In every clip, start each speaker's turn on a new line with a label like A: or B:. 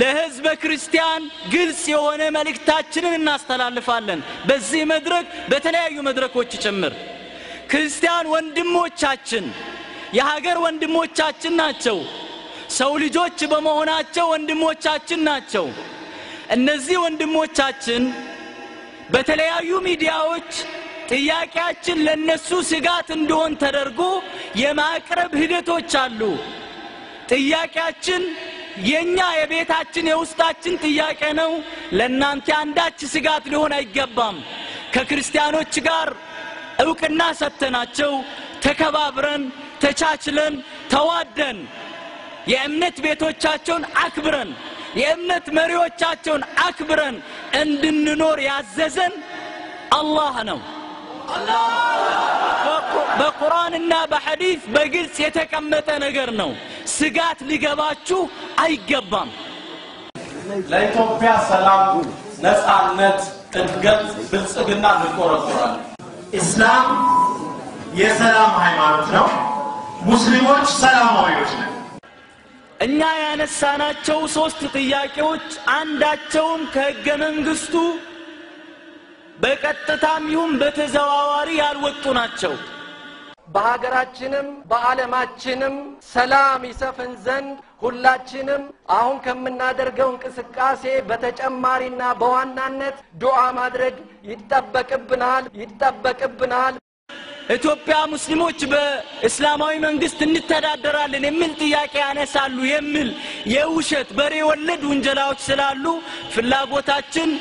A: ለህዝበ ክርስቲያን ግልጽ የሆነ መልእክታችንን እናስተላልፋለን። በዚህ መድረክ በተለያዩ መድረኮች ጭምር ክርስቲያን ወንድሞቻችን የሀገር ወንድሞቻችን ናቸው። ሰው ልጆች በመሆናቸው ወንድሞቻችን ናቸው። እነዚህ ወንድሞቻችን በተለያዩ ሚዲያዎች ጥያቄያችን ለነሱ ስጋት እንዲሆን ተደርጎ የማቅረብ ሂደቶች አሉ። ጥያቄያችን የኛ የቤታችን የውስጣችን ጥያቄ ነው። ለእናንተ አንዳች ስጋት ሊሆን አይገባም። ከክርስቲያኖች ጋር እውቅና ሰጥተናቸው ተከባብረን፣ ተቻችለን፣ ተዋደን የእምነት ቤቶቻቸውን አክብረን የእምነት መሪዎቻቸውን አክብረን እንድንኖር ያዘዘን አላህ ነው። በቁርአንና በሐዲስ በግልጽ የተቀመጠ ነገር ነው። ስጋት ሊገባችሁ አይገባም።
B: ለኢትዮጵያ ሰላም፣ ነጻነት፣ እድገት፣ ብልጽግና እንቆረቆራለን። እስላም የሰላም ሃይማኖት ነው። ሙስሊሞች ሰላማዊዎች ነው።
A: እኛ ያነሳናቸው ሶስት ጥያቄዎች አንዳቸውም ከህገ መንግስቱ በቀጥታም ይሁን በተዘዋዋሪ ያልወጡ ናቸው። በሀገራችንም በዓለማችንም ሰላም ይሰፍን ዘንድ ሁላችንም አሁን ከምናደርገው እንቅስቃሴ በተጨማሪና በዋናነት ዱዓ ማድረግ ይጠበቅብናል ይጠበቅብናል። ኢትዮጵያ ሙስሊሞች በእስላማዊ መንግስት እንተዳደራለን የሚል ጥያቄ ያነሳሉ የሚል የውሸት በሬ ወለድ ውንጀላዎች ስላሉ ፍላጎታችን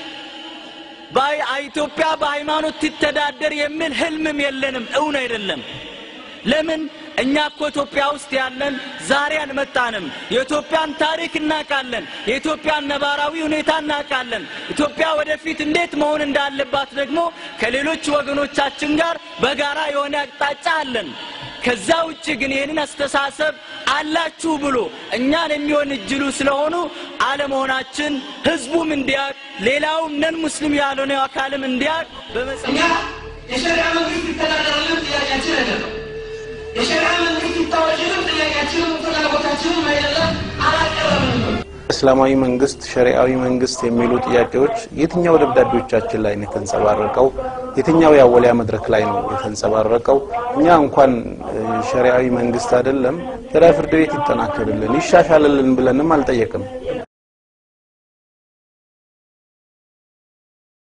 A: ኢትዮጵያ በሃይማኖት ትተዳደር የሚል ህልምም የለንም። እውን አይደለም። ለምን እኛ እኮ ኢትዮጵያ ውስጥ ያለን ዛሬ አልመጣንም። የኢትዮጵያን ታሪክ እናውቃለን። የኢትዮጵያን ነባራዊ ሁኔታ እናውቃለን። ኢትዮጵያ ወደፊት እንዴት መሆን እንዳለባት ደግሞ ከሌሎች ወገኖቻችን ጋር በጋራ የሆነ አቅጣጫ አለን። ከዛ ውጭ ግን ይህንን አስተሳሰብ አላችሁ ብሎ እኛን የሚሆን እጅሉ ስለሆኑ አለመሆናችን ህዝቡም እንዲያቅ ሌላውም ነን ሙስሊም ያልሆነው አካልም እንዲያቅ
C: በመጽ እኛ የሸሪያ መንግስት ይተዳደርልን ጥያቄያችን አይደለም። የሸሪዓ መንግስት ጥያቄያችንም ፍላጎታችንም አይደለም አላቀረብንም።
D: እስላማዊ መንግስት፣ ሸሪዓዊ መንግስት የሚሉ ጥያቄዎች የትኛው ደብዳቤዎቻችን ላይ ነው የተንጸባረቀው? የትኛው የአወሊያ መድረክ ላይ ነው የተንጸባረቀው? እኛ እንኳን ሸሪዓዊ መንግስት አይደለም ሸሪዓ ፍርድ ቤት ይጠናከርልን ይሻሻልልን ብለንም አልጠየቅም።